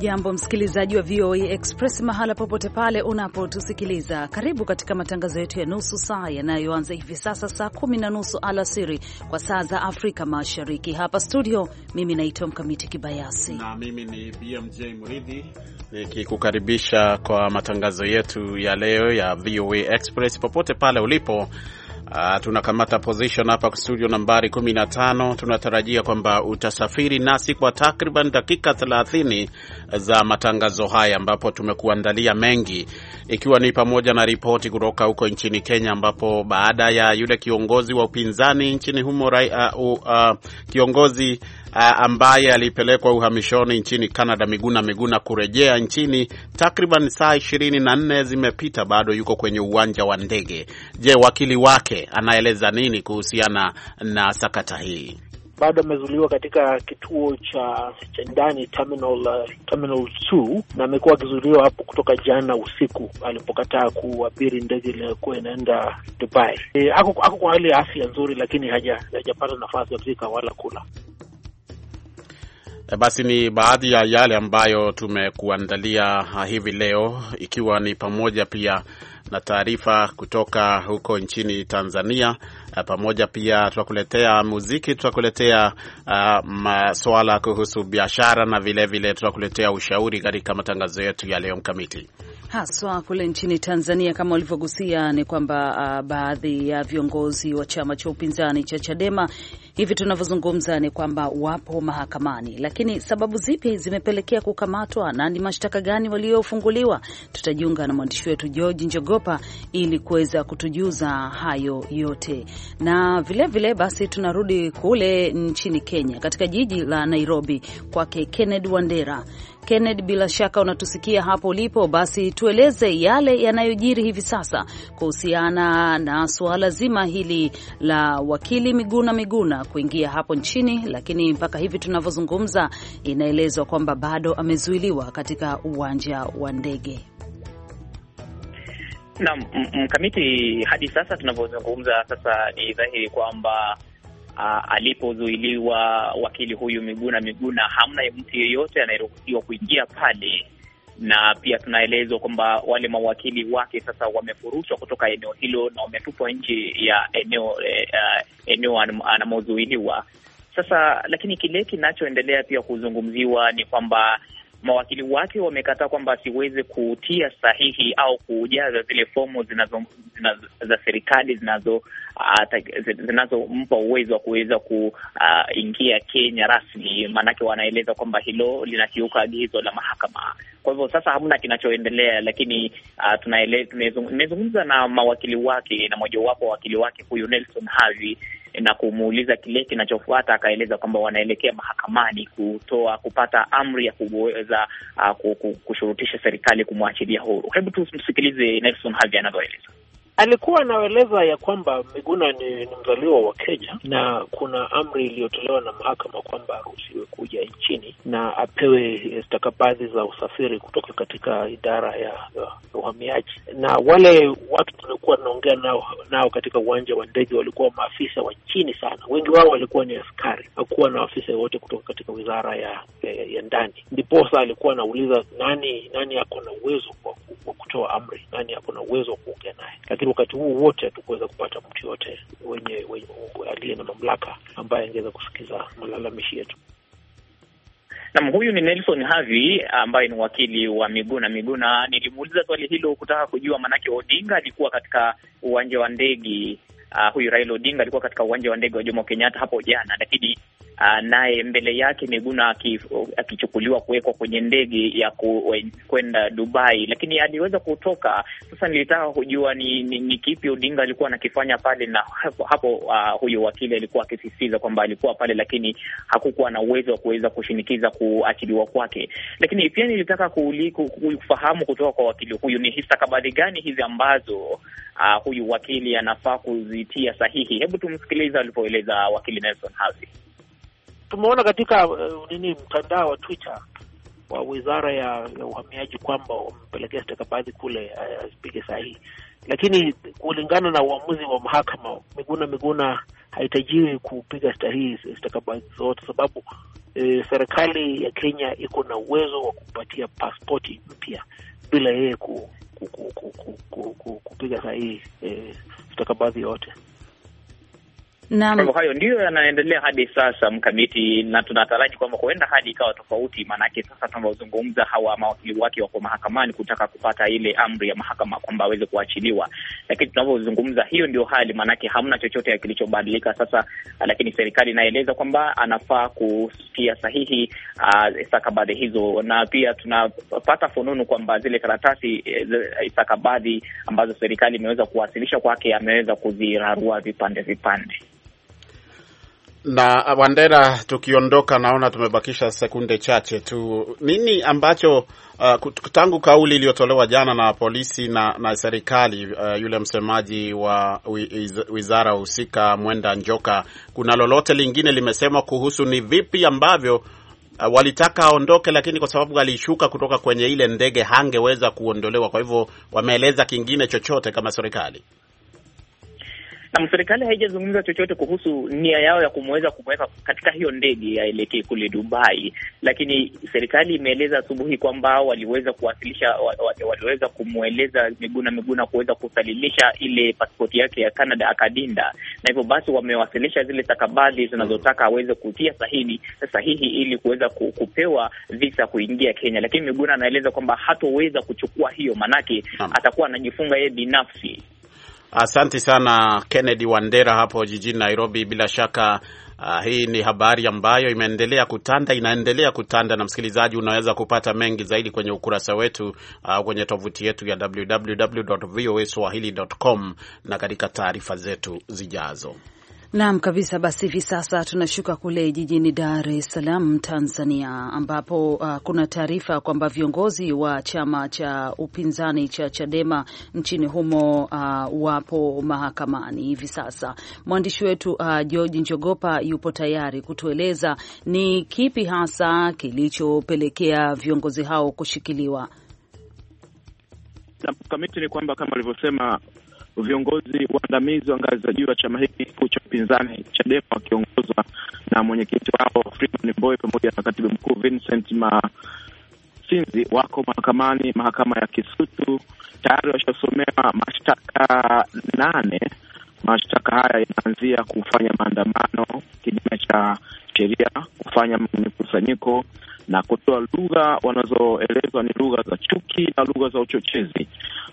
Hujambo msikilizaji wa VOA e Express mahala popote pale unapotusikiliza, karibu katika matangazo yetu ya nusu saa yanayoanza hivi sasa saa kumi na nusu alasiri kwa saa za Afrika Mashariki. Hapa studio, mimi naitwa Mkamiti Kibayasi na mimi ni BMJ Mridhi nikikukaribisha kwa matangazo yetu ya leo ya VOA e Express popote pale ulipo Uh, tunakamata position hapa studio nambari 15. Tunatarajia kwamba utasafiri nasi kwa takriban dakika 30 za matangazo haya, ambapo tumekuandalia mengi, ikiwa ni pamoja na ripoti kutoka huko nchini Kenya, ambapo baada ya yule kiongozi wa upinzani nchini humo uh, uh, kiongozi ambaye alipelekwa uhamishoni nchini Canada Miguna Miguna kurejea nchini. Takriban saa ishirini na nne zimepita, bado yuko kwenye uwanja wa ndege. Je, wakili wake anaeleza nini kuhusiana na sakata hii? bado amezuliwa katika kituo cha cha ndani terminal, uh, terminal 2 na amekuwa akizuliwa hapo kutoka jana usiku alipokataa kuabiri ndege iliyokuwa inaenda Dubai. E, ako, ako kwa hali ya afya nzuri, lakini hajapata haja nafasi ya kufika wala kula. Eh, basi ni baadhi ya yale ambayo tumekuandalia ah, hivi leo, ikiwa ni pamoja pia na taarifa kutoka huko nchini Tanzania. Eh, pamoja pia tutakuletea muziki, tutakuletea uh, ah, masuala kuhusu biashara na vilevile tutakuletea ushauri katika matangazo yetu ya leo mkamiti haswa kule nchini Tanzania kama ulivyogusia ni kwamba uh, baadhi ya viongozi wa chama cha upinzani cha Chadema hivi tunavyozungumza ni kwamba wapo mahakamani, lakini sababu zipi zimepelekea kukamatwa na ni mashtaka gani waliofunguliwa? Tutajiunga na mwandishi wetu George Njogopa ili kuweza kutujuza hayo yote, na vilevile vile basi tunarudi kule nchini Kenya, katika jiji la Nairobi, kwake kenned Wandera kenned bila shaka unatusikia hapo ulipo, basi tueleze yale yanayojiri hivi sasa kuhusiana na suala zima hili la wakili Miguna Miguna kuingia hapo nchini, lakini mpaka hivi tunavyozungumza, inaelezwa kwamba bado amezuiliwa katika uwanja wa ndege. Naam, mkamiti, hadi sasa tunavyozungumza sasa, ni dhahiri kwamba uh, alipozuiliwa wakili huyu Miguna Miguna, hamna mtu yeyote anayeruhusiwa kuingia pale, na pia tunaelezwa kwamba wale mawakili wake sasa wamefurushwa kutoka eneo hilo na wametupwa nje ya eneo uh, eneo anamozuiliwa sasa. Lakini kile kinachoendelea pia kuzungumziwa ni kwamba mawakili wake wamekataa kwamba asiweze kutia sahihi au kujaza zile fomu zinazo, zinazo za serikali zinazo ah, zinazompa uwezo wa kuweza kuingia ah, Kenya rasmi, maanake wanaeleza kwamba hilo linakiuka agizo la mahakama. Kwa hivyo sasa hamna kinachoendelea, lakini uh, tunaele- na mawakili wake na mojawapo wa wakili wake huyu Nelson Havi na kumuuliza kile kinachofuata, akaeleza kwamba wanaelekea mahakamani kutoa kupata amri ya kuweza uh, kushurutisha serikali kumwachilia huru. Hebu tumsikilize Nelson Havi anavyoeleza. Alikuwa anaeleza ya kwamba Miguna ni, ni mzaliwa wa Kenya na kuna amri iliyotolewa na mahakama kwamba aruhusiwe kuja nchini na apewe stakabadhi za usafiri kutoka katika idara ya uhamiaji. Na wale watu tuliokuwa tunaongea nao, nao katika uwanja wa ndege walikuwa maafisa wa chini sana, wengi wao walikuwa ni askari. Hakuwa na afisa yoyote kutoka katika wizara ya, ya, ya ndani. Ndiposa alikuwa anauliza nani nani ako na uwezo wa kutoa amri, nani ako na uwezo wa kuongea naye, lakini wakati huu wote hatukuweza kupata mtu yote wenye, wenye aliye na mamlaka ambaye angeweza kusikiza malalamishi yetu. Nam, huyu ni Nelson Havi ambaye ni wakili wa Miguna Miguna. Nilimuuliza swali hilo kutaka kujua, maanake Odinga alikuwa katika uwanja wa ndege uh, huyu Raila Odinga alikuwa katika uwanja wa ndege wa Jomo Kenyatta hapo jana, lakini Ah, naye mbele yake Miguna akichukuliwa aki kuwekwa kwenye ndege ya eh, kwenda Dubai, lakini aliweza kutoka. Sasa nilitaka kujua ni, ni, ni kipi Odinga alikuwa anakifanya pale, na hapo hapo uh, huyo wakili alikuwa akisisitiza kwamba alikuwa pale, lakini hakukuwa na uwezo wa kuweza kushinikiza kuachiliwa kwake. Lakini pia nilitaka kufahamu kutoka kwa wakili huyu ni hisakabadhi gani hizi ambazo uh, huyu wakili anafaa kuzitia sahihi. Hebu tumsikilize alivyoeleza wakili Nelson Havi tumeona katika uh, nini mtandao wa Twitter wa wizara ya, ya uhamiaji kwamba wamepelekea stakabadhi kule asipige uh, sahihi, lakini kulingana na uamuzi wa mahakama Miguna Miguna haitajiwi kupiga stahihi stakabadhi zote, sababu e, serikali ya Kenya iko na uwezo wa kupatia pasipoti mpya bila yeye ku, ku, ku, ku, ku, ku, ku, kupiga sahihi e, stakabadhi yote. Kwa hivyo hayo ndiyo yanaendelea hadi sasa mkamiti, na tunataraji kwamba huenda hadi ikawa tofauti, maanake sasa tunavyozungumza, hawa mawakili wake wako mahakamani kutaka kupata ile amri ya mahakama kwamba aweze kuachiliwa, lakini tunavyozungumza, hiyo ndio hali, maanake hamna chochote kilichobadilika sasa. Lakini serikali inaeleza kwamba anafaa kutia sahihi uh, stakabadhi hizo, na pia tunapata fununu kwamba zile karatasi eh, stakabadhi ambazo serikali imeweza kuwasilisha kwake ameweza kuzirarua vipande vipande. Na uh, Wandera, tukiondoka, naona tumebakisha sekunde chache tu. Nini ambacho uh, tangu kauli iliyotolewa jana na polisi na, na serikali uh, yule msemaji wa wizara husika Mwenda Njoka, kuna lolote lingine limesema kuhusu ni vipi ambavyo uh, walitaka aondoke, lakini kwa sababu alishuka kutoka kwenye ile ndege hangeweza kuondolewa, kwa hivyo wameeleza kingine chochote kama serikali? na serikali haijazungumza chochote kuhusu nia yao ya kumweza kumweka katika hiyo ndege aelekee kule Dubai, lakini serikali imeeleza asubuhi kwamba waliweza kuwasilisha, waliweza kumweleza Miguna Miguna kuweza kusalilisha ile pasipoti yake ya Canada akadinda, na hivyo basi wamewasilisha zile stakabadhi zinazotaka aweze kutia sahihi sahihi ili kuweza kupewa visa kuingia Kenya, lakini Miguna anaeleza kwamba hatoweza kuchukua hiyo, maanake atakuwa anajifunga yeye binafsi. Asante sana Kennedy Wandera hapo jijini Nairobi. Bila shaka uh, hii ni habari ambayo imeendelea kutanda, inaendelea kutanda, na msikilizaji, unaweza kupata mengi zaidi kwenye ukurasa wetu au uh, kwenye tovuti yetu ya www.voaswahili.com na katika taarifa zetu zijazo. Naam kabisa. Basi hivi sasa tunashuka kule jijini Dar es Salaam, Tanzania, ambapo uh, kuna taarifa kwamba viongozi wa chama cha upinzani cha Chadema nchini humo uh, wapo mahakamani hivi sasa. Mwandishi wetu uh, George Njogopa yupo tayari kutueleza ni kipi hasa kilichopelekea viongozi hao kushikiliwa. Kamiti ni kwamba kama alivyosema viongozi waandamizi wa ngazi za juu wa chama hiki kikuu cha upinzani Chadema wakiongozwa na mwenyekiti wao Freeman Mbowe pamoja na katibu mkuu Vincent Masinzi wako mahakamani, mahakama ya Kisutu. Tayari washasomewa mashtaka nane. Mashtaka haya yanaanzia kufanya maandamano kinyume cha sheria, kufanya mikusanyiko na kutoa lugha wanazoelezwa ni lugha za chuki na lugha za uchochezi.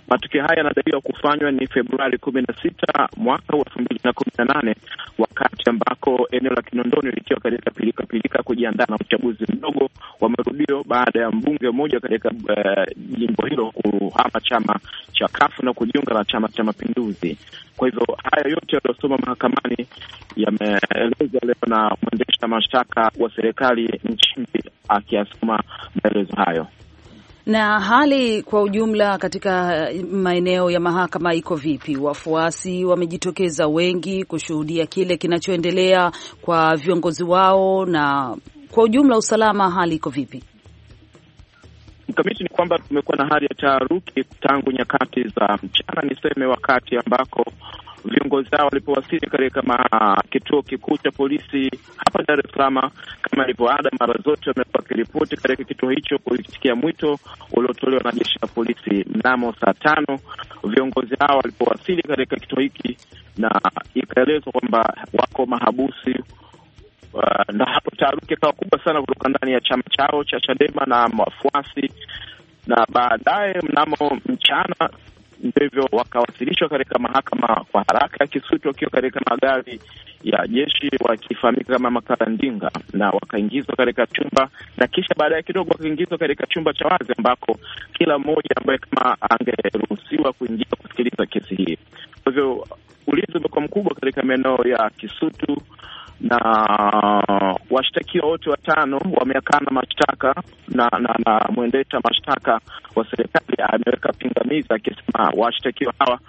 Matukio haya yanadaiwa kufanywa ni Februari kumi na sita mwaka wa elfu mbili na kumi na nane wakati ambako eneo la Kinondoni likiwa katika pilikapilika kujiandaa na uchaguzi mdogo wa marudio baada ya mbunge mmoja katika eh, jimbo uh, hilo kuhama chama cha Kafu na kujiunga na Chama cha Mapinduzi. Kwa hivyo haya yote yaliyosoma mahakamani yameelezwa leo na mwendesha mashtaka wa serikali nchini akiyasoma maelezo hayo. Na hali kwa ujumla katika eh, maeneo ya mahakama iko vipi? Wafuasi wamejitokeza wengi kushuhudia kile kinachoendelea kwa viongozi wao, na kwa ujumla usalama, hali iko vipi? Mkamiti, ni kwamba tumekuwa na hali ya taharuki tangu nyakati za mchana, niseme wakati ambako viongozi hao walipowasili katika kituo kikuu cha polisi hapa Dar es Salaam, kama ilivyo ada, mara zote wamekuwa wakiripoti katika kituo hicho kuitikia mwito uliotolewa na jeshi la polisi mnamo saa tano. Viongozi hao walipowasili katika kituo hiki, na ikaelezwa kwamba wako mahabusi Uh, na hapo taharuki ikawa kubwa sana kutoka ndani ya chama chao cha Chadema na wafuasi, na baadaye mnamo mchana kwa wakawasilishwa katika mahakama kwa haraka ya Kisutu wakiwa katika magari ya jeshi wakifahamika kama makarandinga, na wakaingizwa katika chumba, na kisha baadaye kidogo wakaingizwa katika chumba cha wazi ambako kila mmoja ambaye kama angeruhusiwa kuingia kusikiliza kesi hii. Kwa hivyo ulinzi umekuwa mkubwa katika maeneo ya Kisutu na washtakiwa wote watano wameakana mashtaka na, na, na mwendesha mashtaka wa serikali ameweka pingamizi akisema washtakiwa hawa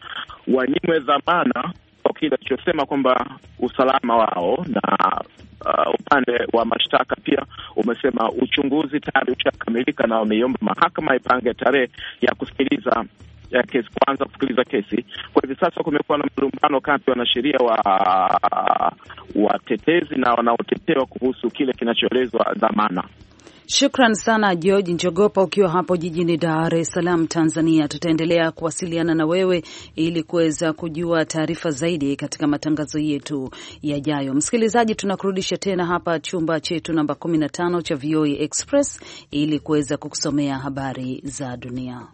wanyimwe dhamana kwa kile alichosema kwamba usalama wao na uh, upande wa mashtaka pia umesema uchunguzi tayari ushakamilika na wameiomba mahakama ipange tarehe ya kusikiliza ya kesi kwanza kusikiliza kesi. Kwa hivi sasa kumekuwa na malumbano kati ya wanasheria wa watetezi na wanaotetewa kuhusu kile kinachoelezwa dhamana. Shukran sana George Njogopa, ukiwa hapo jijini Dar es Salaam, Tanzania. Tutaendelea kuwasiliana na wewe ili kuweza kujua taarifa zaidi katika matangazo yetu yajayo. Msikilizaji, tunakurudisha tena hapa chumba chetu namba 15 cha VOA e Express ili kuweza kukusomea habari za dunia.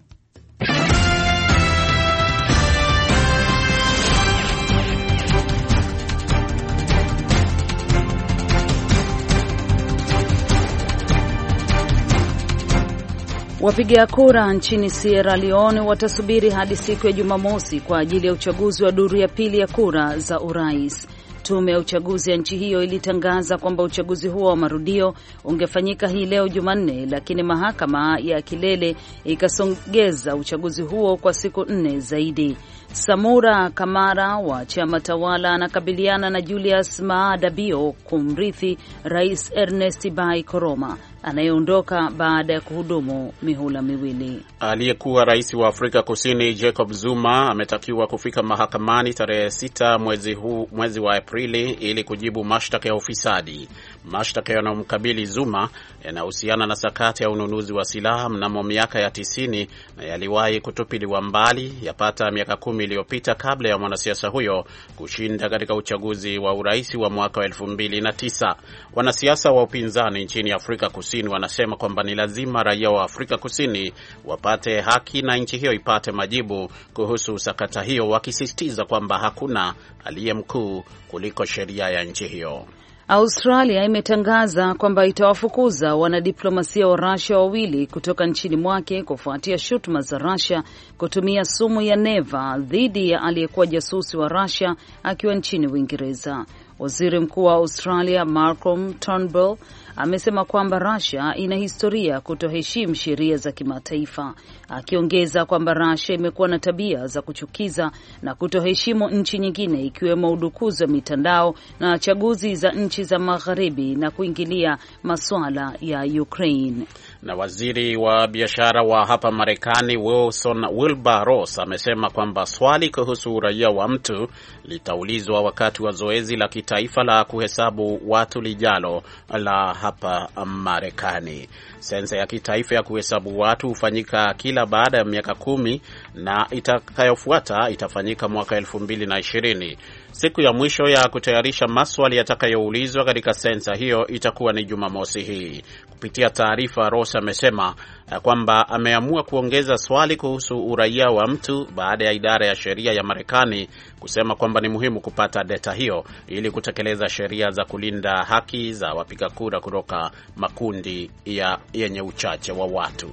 Wapiga kura nchini Sierra Leone watasubiri hadi siku ya Jumamosi kwa ajili ya uchaguzi wa duru ya pili ya kura za urais. Tume ya uchaguzi ya nchi hiyo ilitangaza kwamba uchaguzi huo wa marudio ungefanyika hii leo Jumanne, lakini mahakama ya kilele ikasongeza uchaguzi huo kwa siku nne zaidi. Samura Kamara wa chama tawala anakabiliana na Julius Maada Bio kumrithi Rais Ernest Bai Koroma anayeondoka baada ya kuhudumu mihula miwili. Aliyekuwa rais wa Afrika Kusini Jacob Zuma ametakiwa kufika mahakamani tarehe 6 mwezi huu, mwezi wa Aprili ili kujibu mashtaka ya ufisadi. Mashtaka yanayomkabili Zuma yanahusiana na sakati ya ununuzi wa silaha mnamo miaka ya 90 na yaliwahi kutupiliwa mbali yapata miaka kumi iliyopita kabla ya mwanasiasa huyo kushinda katika uchaguzi wa urais wa mwaka wa 2009. Wanasiasa wa upinzani nchini Afrika Kusini Kusini wanasema kwamba ni lazima raia wa Afrika Kusini wapate haki na nchi hiyo ipate majibu kuhusu sakata hiyo, wakisisitiza kwamba hakuna aliye mkuu kuliko sheria ya nchi hiyo. Australia imetangaza kwamba itawafukuza wanadiplomasia wa Russia wawili kutoka nchini mwake kufuatia shutuma za Russia kutumia sumu ya neva dhidi ya aliyekuwa jasusi wa Russia akiwa nchini Uingereza. Waziri Mkuu wa Australia Malcolm Turnbull amesema kwamba Russia ina historia kutoheshimu sheria za kimataifa, akiongeza kwamba Russia imekuwa na tabia za kuchukiza na kutoheshimu nchi nyingine, ikiwemo udukuzi wa mitandao na chaguzi za nchi za magharibi na kuingilia masuala ya Ukraine. Na waziri wa biashara wa hapa Marekani Wilson Wilbur Ross amesema kwamba swali kuhusu uraia wa mtu litaulizwa wakati wa zoezi la kitaifa la kuhesabu watu lijalo la hapa Marekani. Sensa ya kitaifa ya kuhesabu watu hufanyika kila baada ya miaka kumi na itakayofuata itafanyika mwaka elfu mbili na ishirini. Siku ya mwisho ya kutayarisha maswali yatakayoulizwa katika sensa hiyo itakuwa ni Jumamosi hii. Kupitia taarifa, Ross amesema eh, kwamba ameamua kuongeza swali kuhusu uraia wa mtu baada ya idara ya sheria ya Marekani kusema kwamba ni muhimu kupata data hiyo ili kutekeleza sheria za kulinda haki za wapiga kura kutoka makundi ya yenye uchache wa watu.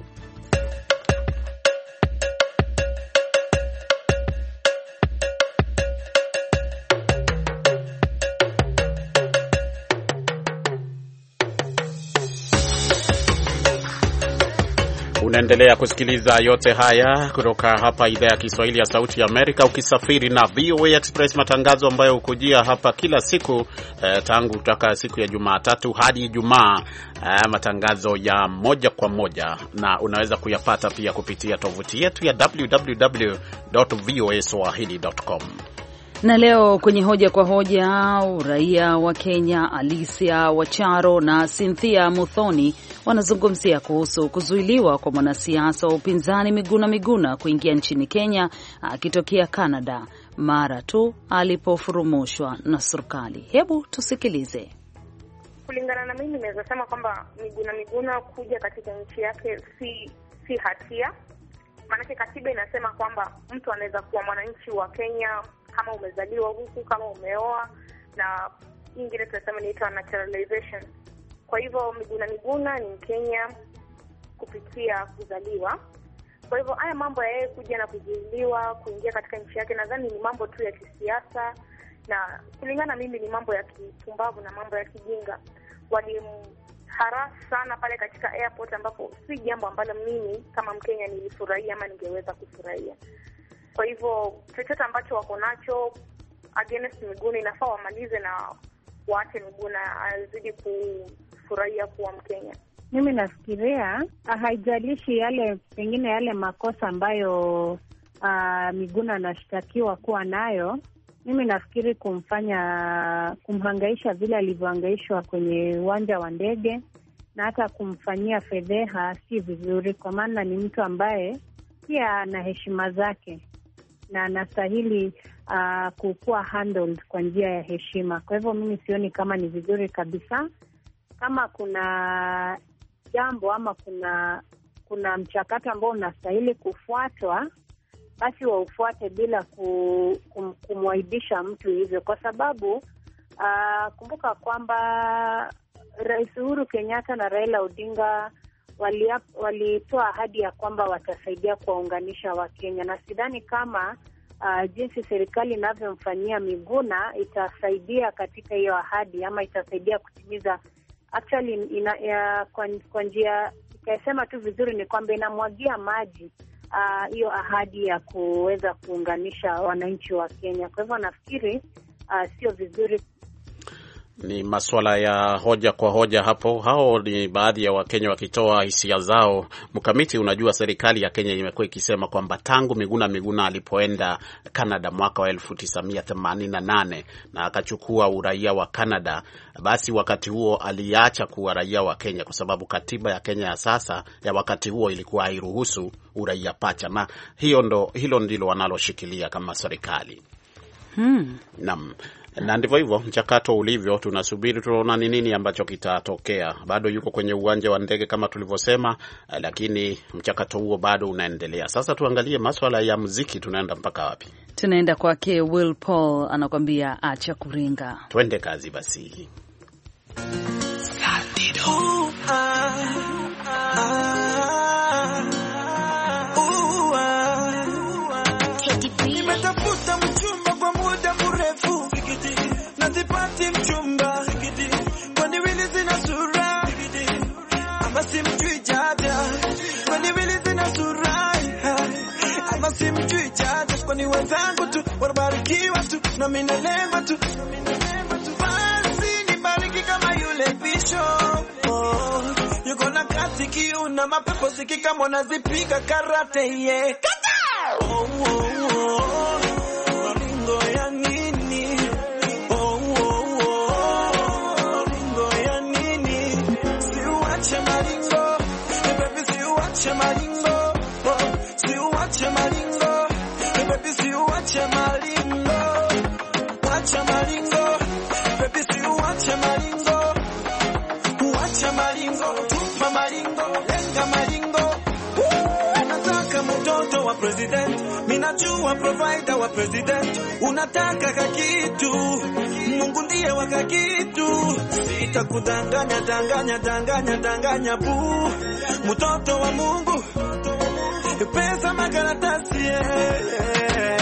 Unaendelea kusikiliza yote haya kutoka hapa idhaa ya Kiswahili ya Sauti ya Amerika, ukisafiri na VOA Express, matangazo ambayo hukujia hapa kila siku eh, tangu taka siku ya Jumatatu hadi Ijumaa eh, matangazo ya moja kwa moja, na unaweza kuyapata pia kupitia tovuti yetu ya www.voaswahili.com na leo kwenye hoja kwa hoja, uraia wa Kenya Alicia Wacharo na Cynthia Muthoni wanazungumzia kuhusu kuzuiliwa kwa mwanasiasa wa upinzani Miguna Miguna kuingia nchini Kenya akitokea Canada mara tu alipofurumushwa na serikali. Hebu tusikilize. Kulingana na mimi, naweza sema kwamba Miguna Miguna kuja katika nchi yake si si hatia, maanake katiba inasema kwamba mtu anaweza kuwa mwananchi wa Kenya kama umezaliwa huku, kama umeoa na ingine tunasema inaitwa naturalization kwa hivyo Miguna Miguna ni Mkenya kupitia kuzaliwa. Kwa hivyo haya mambo ya yeye kuja na kuzuiliwa kuingia katika nchi yake, nadhani ni mambo tu ya kisiasa, na kulingana mimi ni mambo ya kipumbavu na mambo ya kijinga. Walimhara sana pale katika airport, ambapo si jambo ambalo mimi kama Mkenya nilifurahia ama ningeweza kufurahia. Kwa hivyo chochote ambacho wako nacho against Miguna inafaa wamalize na waache Miguna azidi ku kufurahia kuwa Mkenya. Mimi nafikiria ah, haijalishi yale pengine yale makosa ambayo Uh, Miguna anashtakiwa kuwa nayo, mimi nafikiri kumfanya kumhangaisha vile alivyohangaishwa kwenye uwanja wa ndege na hata kumfanyia fedheha si vizuri, kwa maana ni mtu ambaye pia ana heshima zake na anastahili uh, ah, kukuwa handled kwa njia ya heshima. Kwa hivyo mimi sioni kama ni vizuri kabisa kama kuna jambo ama kuna kuna mchakato ambao unastahili kufuatwa, basi waufuate bila kum, kumwaibisha mtu hivyo, kwa sababu uh, kumbuka kwamba Rais Uhuru Kenyatta na Raila Odinga walitoa ahadi ya kwamba watasaidia kuwaunganisha Wakenya, na sidhani kama uh, jinsi serikali inavyomfanyia Miguna itasaidia katika hiyo ahadi ama itasaidia kutimiza actually ina, ya, kwa, kwa njia ikasema tu vizuri ni kwamba inamwagia maji ah, hiyo uh, ahadi ya kuweza kuunganisha wananchi wa Kenya. Kwa hivyo nafikiri uh, sio vizuri ni maswala ya hoja kwa hoja hapo. Hao ni baadhi ya Wakenya wakitoa hisia zao. Mkamiti, unajua serikali ya Kenya imekuwa ikisema kwamba tangu Miguna Miguna alipoenda Canada mwaka wa 1988 na akachukua uraia wa Canada, basi wakati huo aliacha kuwa raia wa Kenya kwa sababu katiba ya Kenya ya sasa ya wakati huo ilikuwa hairuhusu uraia pacha, na hiyo ndo, hilo ndilo wanaloshikilia kama serikali. Hmm. Naam na ndivyo hivyo mchakato ulivyo. Tunasubiri tunaona ni nini ambacho kitatokea. Bado yuko kwenye uwanja wa ndege kama tulivyosema, lakini mchakato huo bado unaendelea. Sasa tuangalie maswala ya muziki, tunaenda mpaka wapi? Tunaenda kwake Will Paul, anakuambia acha kuringa. Twende kazi basi. simjui chanzo, kwani wenzangu tu wanabarikiwa tu na mimi nalema tu, basi nibariki kama yule bisho oh, yuko na kasi kiuna mapepo sikika mwana zipika karate ye yeah. oh, oh, oh, oh. president, minajua provider wa president. Unataka kakitu, Mungu ndiye wa kakitu, sitakudanganya danganya danganya danganya bu mtoto wa Mungu, pesa makaratasi yeah.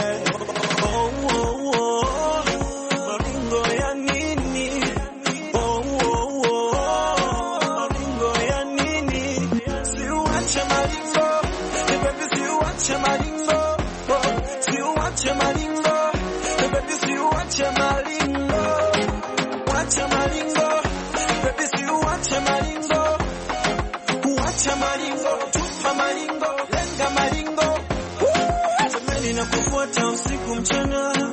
Maringo, lenga maringo, natamani usiku mchana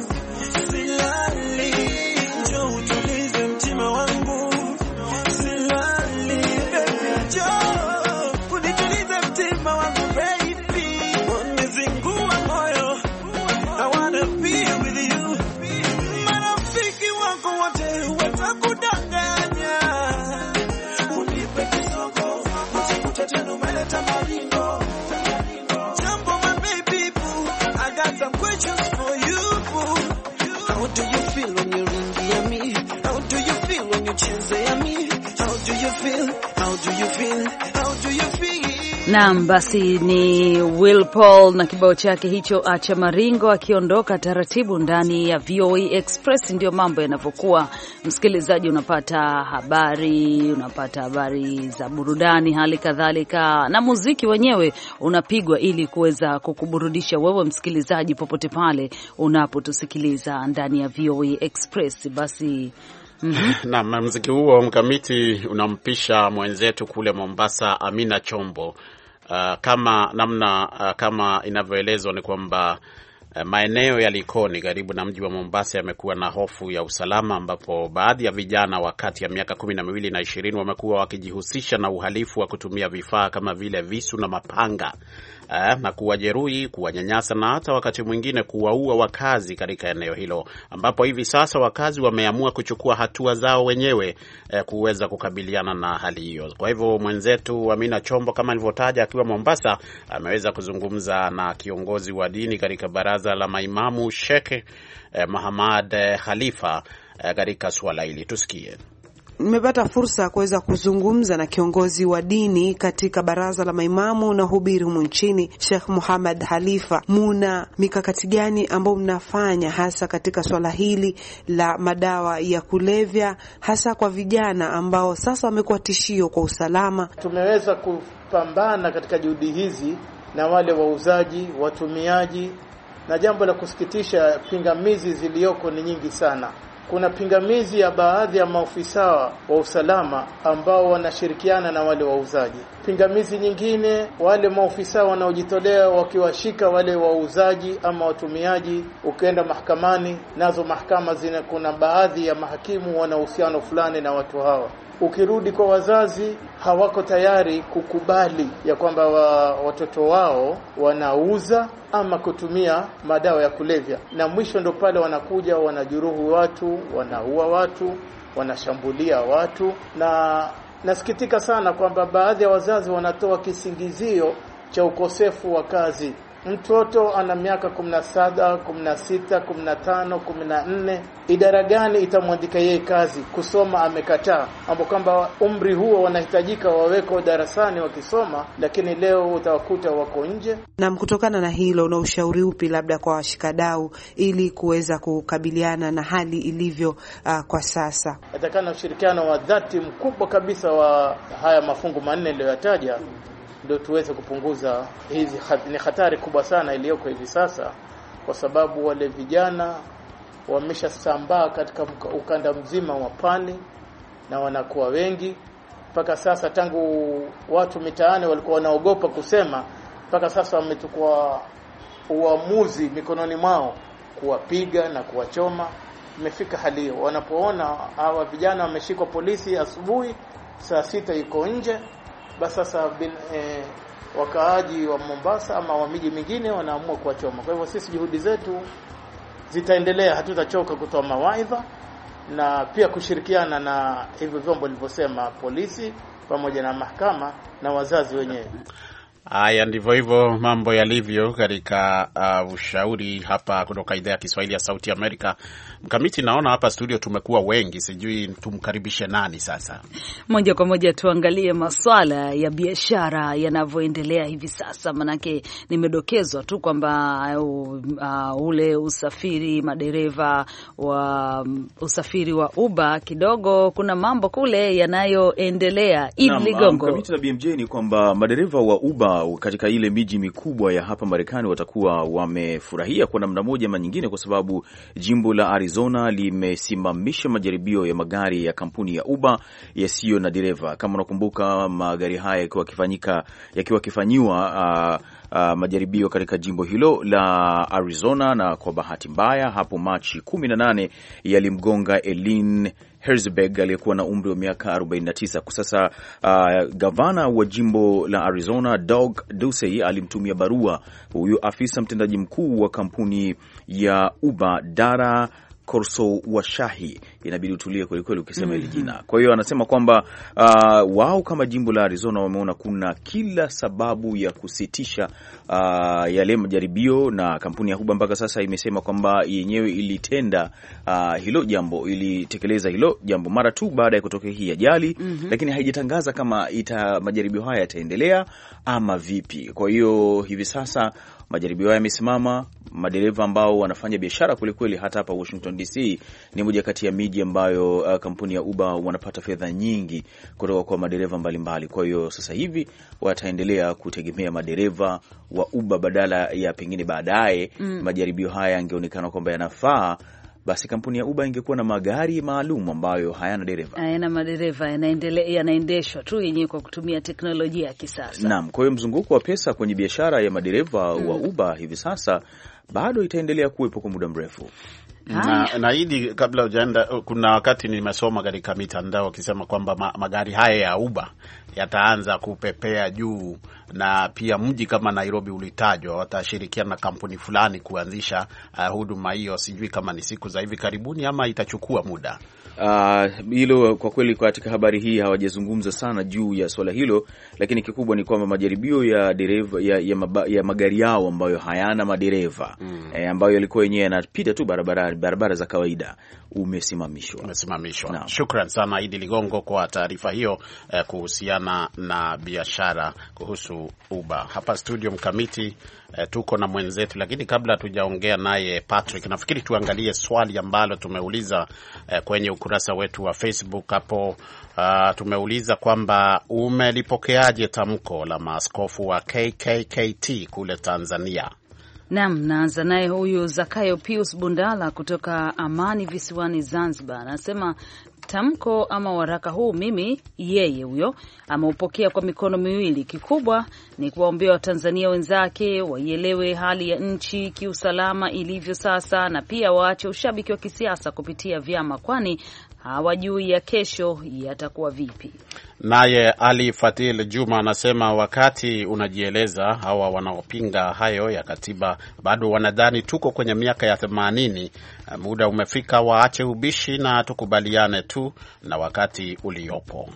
Naam, basi ni Will Paul na kibao chake hicho acha maringo, akiondoka taratibu ndani ya VOA e Express. Ndio mambo yanavyokuwa, msikilizaji, unapata habari, unapata habari za burudani, hali kadhalika na muziki wenyewe unapigwa ili kuweza kukuburudisha wewe msikilizaji, popote pale unapotusikiliza ndani ya VOA e Express. Basi Mm -hmm. mziki huo mkamiti unampisha mwenzetu kule Mombasa Amina Chombo uh, kama namna uh, kama inavyoelezwa ni kwamba uh, maeneo ya Likoni karibu na mji wa Mombasa yamekuwa na hofu ya usalama, ambapo baadhi ya vijana wa kati ya miaka kumi na miwili na ishirini wamekuwa wakijihusisha na uhalifu wa kutumia vifaa kama vile visu na mapanga eh, na kuwajeruhi, kuwanyanyasa na hata wakati mwingine kuwaua wakazi katika eneo hilo, ambapo hivi sasa wakazi wameamua kuchukua hatua zao wenyewe eh, kuweza kukabiliana na hali hiyo. Kwa hivyo mwenzetu Amina Chombo kama alivyotaja, akiwa Mombasa, ameweza kuzungumza na kiongozi wa dini katika baraza la maimamu Sheikh eh, Muhammad eh, Khalifa eh, katika suala hili, tusikie nimepata fursa ya kuweza kuzungumza na kiongozi wa dini katika baraza la maimamu na hubiri humu nchini, Sheikh Muhammad Halifa. Muna mikakati gani ambayo mnafanya hasa katika swala hili la madawa ya kulevya, hasa kwa vijana ambao sasa wamekuwa tishio kwa usalama? Tumeweza kupambana katika juhudi hizi na wale wauzaji, watumiaji, na jambo la kusikitisha, pingamizi ziliyoko ni nyingi sana kuna pingamizi ya baadhi ya maofisa wa usalama ambao wanashirikiana na wale wauzaji. Pingamizi nyingine, wale maofisa wanaojitolea wakiwashika wale wauzaji ama watumiaji, ukienda mahakamani, nazo mahakama zina, kuna baadhi ya mahakimu wana uhusiano fulani na watu hawa ukirudi kwa wazazi hawako tayari kukubali ya kwamba wa, watoto wao wanauza ama kutumia madawa ya kulevya, na mwisho ndo pale wanakuja wanajuruhu watu, wanaua watu, wanashambulia watu. Na nasikitika sana kwamba baadhi ya wazazi wanatoa kisingizio cha ukosefu wa kazi mtoto ana miaka 17, 16, 15, 14, idara gani itamwandika yeye kazi? Kusoma amekataa, ambo kwamba umri huo wanahitajika waweko darasani wakisoma, lakini leo utawakuta wako nje. Na kutokana na hilo, una ushauri upi labda kwa washikadau ili kuweza kukabiliana na hali ilivyo uh, kwa sasa? Atakana ushirikiano wa dhati mkubwa kabisa wa haya mafungu manne niliyoyataja ndio tuweze kupunguza hizi. Ni hatari kubwa sana iliyoko hivi sasa, kwa sababu wale vijana wameshasambaa katika ukanda mzima wa pwani na wanakuwa wengi mpaka sasa. Tangu watu mitaani walikuwa wanaogopa kusema, mpaka sasa wametukua uamuzi mikononi mwao kuwapiga na kuwachoma. Imefika hali hiyo, wanapoona hawa vijana wameshikwa polisi asubuhi saa sita, iko nje basi sasa bin e, wakaaji wa Mombasa ama wa miji mingine wanaamua kuwachoma. Kwa hivyo sisi juhudi zetu zitaendelea, hatutachoka kutoa mawaidha na pia kushirikiana na hivyo vyombo vilivyosema, polisi pamoja na mahakama na wazazi wenyewe. Haya, ndivyo hivyo mambo yalivyo katika uh, ushauri hapa kutoka idhaa ya Kiswahili ya Sauti Amerika. Mkamiti, naona hapa studio tumekuwa wengi, sijui tumkaribishe nani sasa. Moja kwa moja tuangalie maswala ya biashara yanavyoendelea hivi sasa, manake nimedokezwa tu kwamba uh, uh, ule usafiri madereva wa um, usafiri wa Uber kidogo kuna mambo kule yanayoendelea. Id Ligongo, um, na BMJ, ni kwamba madereva wa Uber katika ile miji mikubwa ya hapa Marekani watakuwa wamefurahia kwa namna moja ama nyingine, kwa sababu jimbo la Ari Arizona limesimamisha majaribio ya magari ya kampuni ya Uber yasiyo na dereva. Kama unakumbuka, magari haya yakiwa kifanyika yakiwa kifanyiwa uh, ah, Uh, ah, majaribio katika jimbo hilo la Arizona na kwa bahati mbaya hapo Machi 18 yalimgonga Elin Herzberg aliyekuwa na umri wa miaka 49. Kwa sasa uh, gavana wa jimbo la Arizona Doug Ducey alimtumia barua huyu afisa mtendaji mkuu wa kampuni ya Uber Dara Korso Washahi inabidi utulie kwelikweli ukisema hili mm -hmm. jina. Kwa hiyo anasema kwamba uh, wao kama jimbo la Arizona wameona kuna kila sababu ya kusitisha uh, yale majaribio, na kampuni ya Huba mpaka sasa imesema kwamba yenyewe ilitenda uh, hilo jambo, ilitekeleza hilo jambo mara tu baada ya kutokea hii ajali mm -hmm. lakini haijatangaza kama ita majaribio haya yataendelea ama vipi. Kwa hiyo hivi sasa majaribio haya yamesimama. Madereva ambao wanafanya biashara kwelikweli, hata hapa Washington DC ni moja kati ya miji miji ambayo uh, kampuni ya Uber wanapata fedha nyingi kutoka kwa madereva mbalimbali. Kwa hiyo sasa hivi wataendelea kutegemea madereva wa Uber badala ya pengine baadaye, mm. majaribio haya yangeonekana kwamba yanafaa basi kampuni ya Uber ingekuwa na magari maalum ambayo hayana dereva, hayana madereva, yanaendeshwa tu yenyewe kwa kutumia teknolojia ya kisasa. Naam, kwa hiyo mzunguko wa pesa kwenye biashara ya madereva mm. wa Uber hivi sasa bado itaendelea kuwepo kwa muda mrefu. Mm. na hidi mm. kabla hujaenda, kuna wakati nimesoma katika mitandao wakisema kwamba magari haya ya Uber yataanza kupepea juu na pia mji kama Nairobi ulitajwa, watashirikiana na kampuni fulani kuanzisha uh, huduma hiyo. Sijui kama ni siku za hivi karibuni ama itachukua muda uh, hilo. Uh, kwa kweli katika habari hii hawajazungumza sana juu ya swala hilo, lakini kikubwa ni kwamba majaribio ya dereva ya, ya, ya magari yao ambayo hayana madereva mm. eh, ambayo yalikuwa yenyewe yanapita tu barabara, barabara za kawaida umesimamishwa, umesimamishwa. Shukran sana Idi Ligongo kwa taarifa hiyo eh, kuhusiana na biashara kuhusu Uba hapa studio mkamiti. Eh, tuko na mwenzetu, lakini kabla hatujaongea naye Patrick, nafikiri tuangalie swali ambalo tumeuliza eh, kwenye ukurasa wetu wa Facebook hapo. Uh, tumeuliza kwamba umelipokeaje tamko la maaskofu wa KKKT kule Tanzania? nam naanza naye huyu Zakayo Pius Bundala kutoka Amani visiwani Zanzibar, anasema tamko ama waraka huu mimi yeye huyo ameupokea kwa mikono miwili. Kikubwa ni kuwaombea Watanzania wenzake waielewe hali ya nchi kiusalama ilivyo sasa, na pia waache ushabiki wa kisiasa kupitia vyama, kwani hawajui ya kesho yatakuwa vipi. Naye Ali Fatil Juma anasema wakati unajieleza, hawa wanaopinga hayo ya katiba bado wanadhani tuko kwenye miaka ya themanini. Muda umefika waache ubishi na tukubaliane tu na wakati uliopo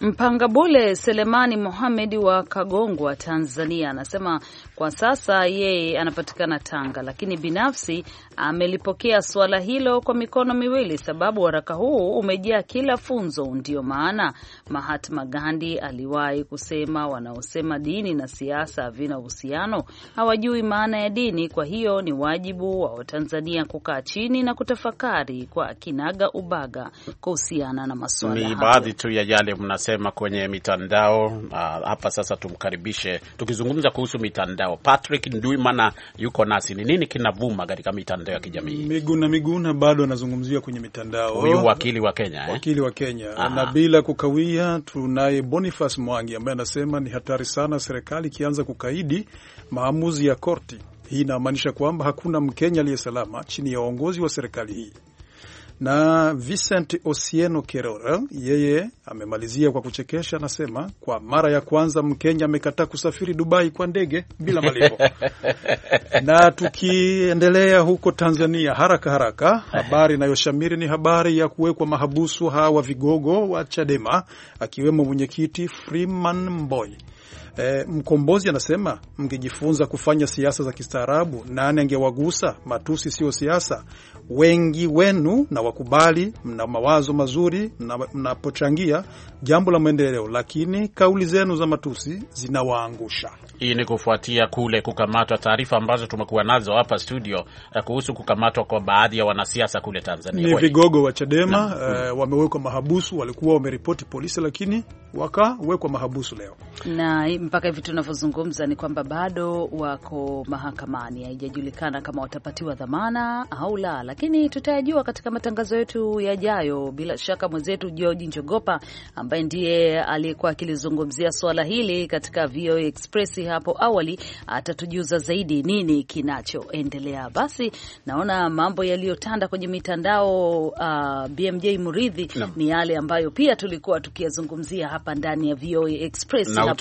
mpanga bule Selemani Mohamed wa Kagongwa, Tanzania, anasema kwa sasa yeye anapatikana Tanga, lakini binafsi amelipokea suala hilo kwa mikono miwili, sababu waraka huu umejaa kila funzo. ndio maana Mahatma Gandhi aliwahi kusema, wanaosema dini na siasa havina uhusiano hawajui maana ya dini. Kwa hiyo ni wajibu wa Watanzania kukaa chini na kutafakari kwa kinaga ubaga kuhusiana na masuala. Ni baadhi tu ya yale mnasema kwenye mitandao. Ah, hapa sasa tumkaribishe, tukizungumza kuhusu mitandao, Patrick Ndwimana yuko nasi. Ni nini kinavuma katika mitandao ya kijamii? Miguna Miguna bado anazungumziwa kwenye mitandao, huyu wa wakili wa Kenya, eh? wakili wa Kenya na bila kukawia pia tunaye Boniface Mwangi ambaye anasema ni hatari sana serikali ikianza kukaidi maamuzi ya korti. Hii inamaanisha kwamba hakuna Mkenya aliye salama chini ya uongozi wa serikali hii. Na Vincent Osieno Kerora yeye amemalizia kwa kuchekesha, anasema kwa mara ya kwanza Mkenya amekataa kusafiri Dubai kwa ndege bila malipo. Na tukiendelea huko Tanzania haraka haraka, habari inayoshamiri ni habari ya kuwekwa mahabusu hawa vigogo wa Chadema akiwemo mwenyekiti Freeman Mboy. E, Mkombozi anasema mngejifunza kufanya siasa za kistaarabu, nani angewagusa? Matusi sio siasa. Wengi wenu na wakubali, mna mawazo mazuri mnapochangia jambo la maendeleo, lakini kauli zenu za matusi zinawaangusha. Hii ni kufuatia kule kukamatwa, taarifa ambazo tumekuwa nazo hapa studio eh, kuhusu kukamatwa kwa baadhi ya wanasiasa kule Tanzania. Ni vigogo wa Chadema uh, wamewekwa mahabusu, walikuwa wameripoti polisi, lakini wakawekwa mahabusu leo, na mpaka hivi tunavyozungumza ni kwamba bado wako mahakamani, haijajulikana kama watapatiwa dhamana au la, lakini tutayajua katika matangazo yetu yajayo. Bila shaka mwenzetu George Njogopa ambaye ndiye aliyekuwa akilizungumzia swala hili katika VOA Express hapo awali atatujuza zaidi nini kinachoendelea. Basi naona mambo yaliyotanda kwenye mitandao uh, BMJ Muridhi no. ni yale ambayo pia tulikuwa tukiyazungumzia hapa ndani ya VOA Express na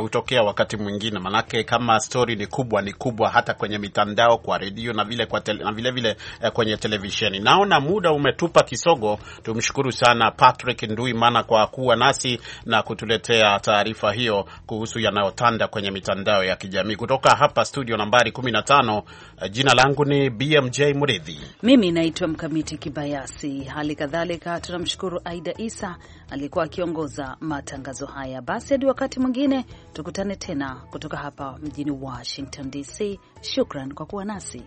utokea, wakati mwingine, manake kama stori ni kubwa ni kubwa hata kwenye mitandao kwa redio na vile kwa tele, na vile vile eh, kwenye televisheni. Naona muda umetupa kisogo. Tumshukuru sana Patrick Nduimana kwa kuwa nasi na kutuletea taarifa hiyo kuhusu yanayotanda kwenye mitandao mitandao ya kijamii. Kutoka hapa studio nambari 15, eh, jina langu ni BMJ Mridhi. Mimi naitwa Mkamiti Kibayasi. Hali kadhalika tunamshukuru Aida Isa aliyekuwa akiongoza matangazo haya. Basi hadi wakati mwingine tukutane tena, kutoka hapa mjini Washington DC. Shukran kwa kuwa nasi.